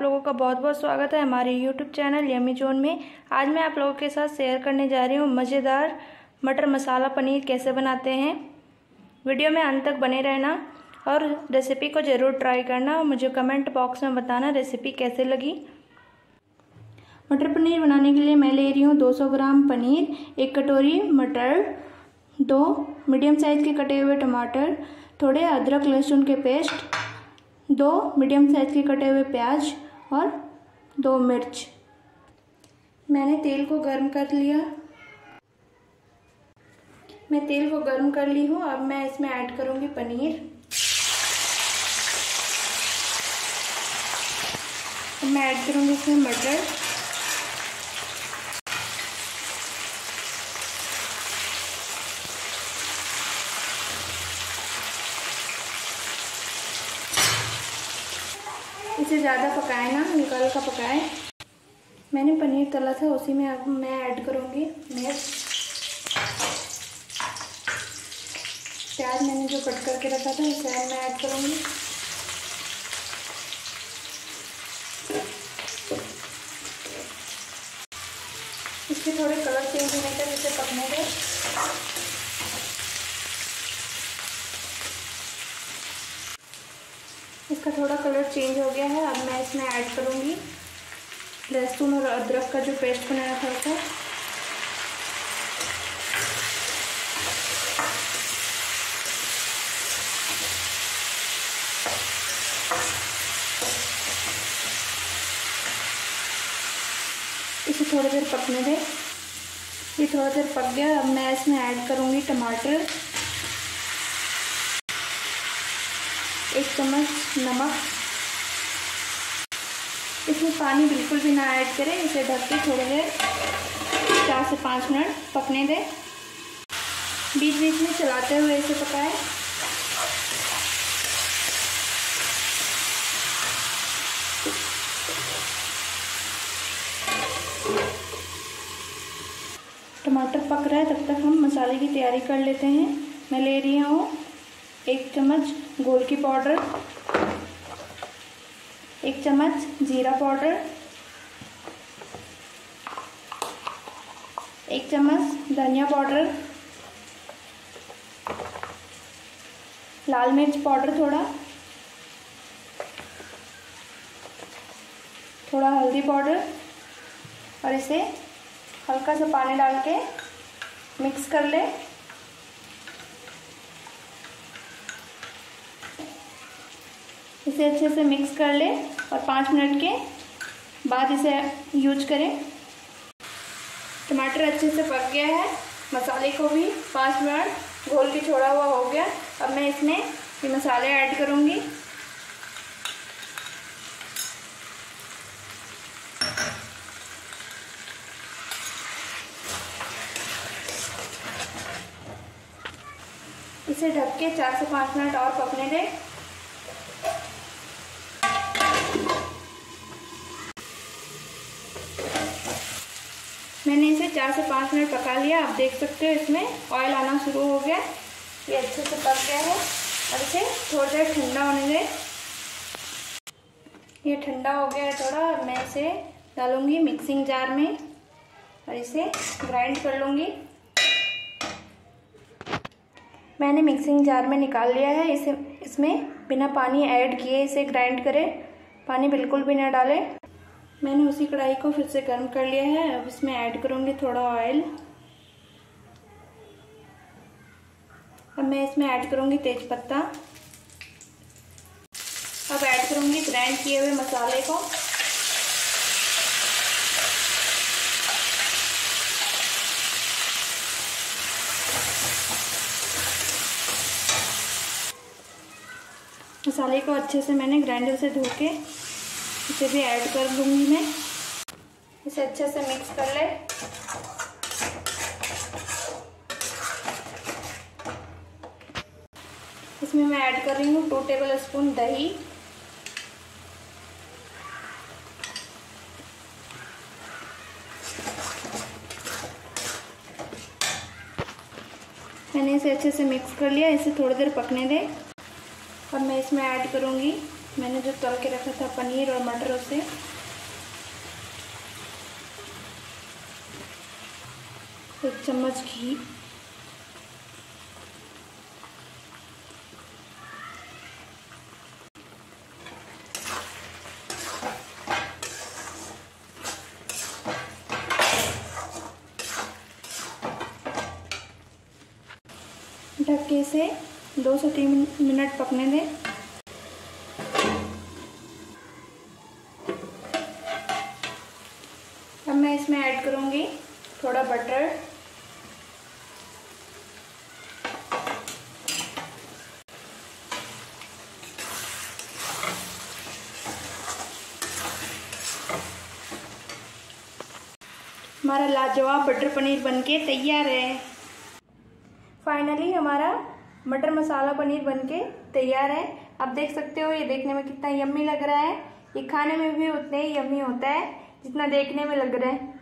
आप लोगों का बहुत बहुत स्वागत है हमारे YouTube चैनल यमी जोन में आज मैं आप लोगों के साथ शेयर करने जा रही हूँ मज़ेदार मटर मसाला पनीर कैसे बनाते हैं वीडियो में अंत तक बने रहना और रेसिपी को ज़रूर ट्राई करना और मुझे कमेंट बॉक्स में बताना रेसिपी कैसे लगी मटर पनीर बनाने के लिए मैं ले रही हूँ दो ग्राम पनीर एक कटोरी मटर दो मीडियम साइज़ के कटे हुए टमाटर थोड़े अदरक लहसुन के पेस्ट दो मीडियम साइज़ के कटे हुए प्याज और दो मिर्च मैंने तेल को गर्म कर लिया मैं तेल को गर्म कर ली हूँ अब मैं इसमें ऐड करूँगी पनीर मैं ऐड करूँगी इसमें मटर से ज़्यादा पकाए ना हल्का हल्का पकाए मैंने पनीर तला था उसी में अब मैं ऐड करूँगी मिर्च प्याज मैंने जो कट करके रखा था उसे मैं ऐड करूँगी इसके थोड़े कलर चेंज होने तक इसे पकने दें इसका थोड़ा कलर चेंज हो गया है अब मैं इसमें ऐड करूँगी लहसुन और अदरक का जो पेस्ट बनाया था उसका इसे थोड़ी देर पकने दें ये थोड़ा देर पक गया अब मैं इसमें ऐड करूँगी टमाटर एक चम्मच नमक इसमें पानी बिल्कुल भी ना ऐड करें इसे ढक के थोड़ी देर चार से पाँच मिनट पकने दें बीच बीच में चलाते हुए इसे पकाएं टमाटर पक रहा है तब तक हम मसाले की तैयारी कर लेते हैं मैं ले रही हूँ एक चम्मच गोल की पाउडर एक चम्मच जीरा पाउडर एक चम्मच धनिया पाउडर लाल मिर्च पाउडर थोड़ा थोड़ा हल्दी पाउडर और इसे हल्का सा पानी डाल के मिक्स कर ले इसे अच्छे से मिक्स कर लें और पाँच मिनट के बाद इसे यूज करें टमाटर अच्छे से पक गया है मसाले को भी पाँच मिनट घोल के छोड़ा हुआ हो गया अब मैं इसमें ये मसाले ऐड करूँगी इसे ढक के चार से पाँच मिनट और पकने दें चार से पाँच मिनट पका लिया आप देख सकते हो इसमें ऑयल आना शुरू हो गया ये अच्छे से पक गया है और इसे थोड़ी देर ठंडा होने दें ये ठंडा हो गया है थोड़ा और मैं इसे डालूँगी मिक्सिंग जार में और इसे ग्राइंड कर लूँगी मैंने मिक्सिंग जार में निकाल लिया है इसे इसमें बिना पानी ऐड किए इसे ग्राइंड करें पानी बिल्कुल भी ना डालें मैंने उसी कढ़ाई को फिर से गर्म कर लिया है अब इसमें ऐड करूँगी थोड़ा ऑयल अब मैं इसमें ऐड करूँगी तेज पत्ता अब ऐड करूँगी ग्राइंड किए हुए मसाले को मसाले को अच्छे से मैंने ग्राइंडर से धो के इसे भी ऐड कर लूँगी मैं इसे अच्छे से मिक्स कर ले इसमें मैं ऐड कर रही हूँ टू टेबल स्पून दही मैंने इसे अच्छे से मिक्स कर लिया इसे थोड़ी देर पकने दें अब मैं इसमें ऐड करूँगी मैंने जो तल के रखा था पनीर और मटर उसे एक चम्मच घी ढक्के से दो से तीन मिनट पकने दें बटर हमारा लाजवाब बटर पनीर बनके तैयार है फाइनली हमारा मटर मसाला पनीर बनके तैयार है आप देख सकते हो ये देखने में कितना यम्मी लग रहा है ये खाने में भी उतना ही यम्मी होता है जितना देखने में लग रहा है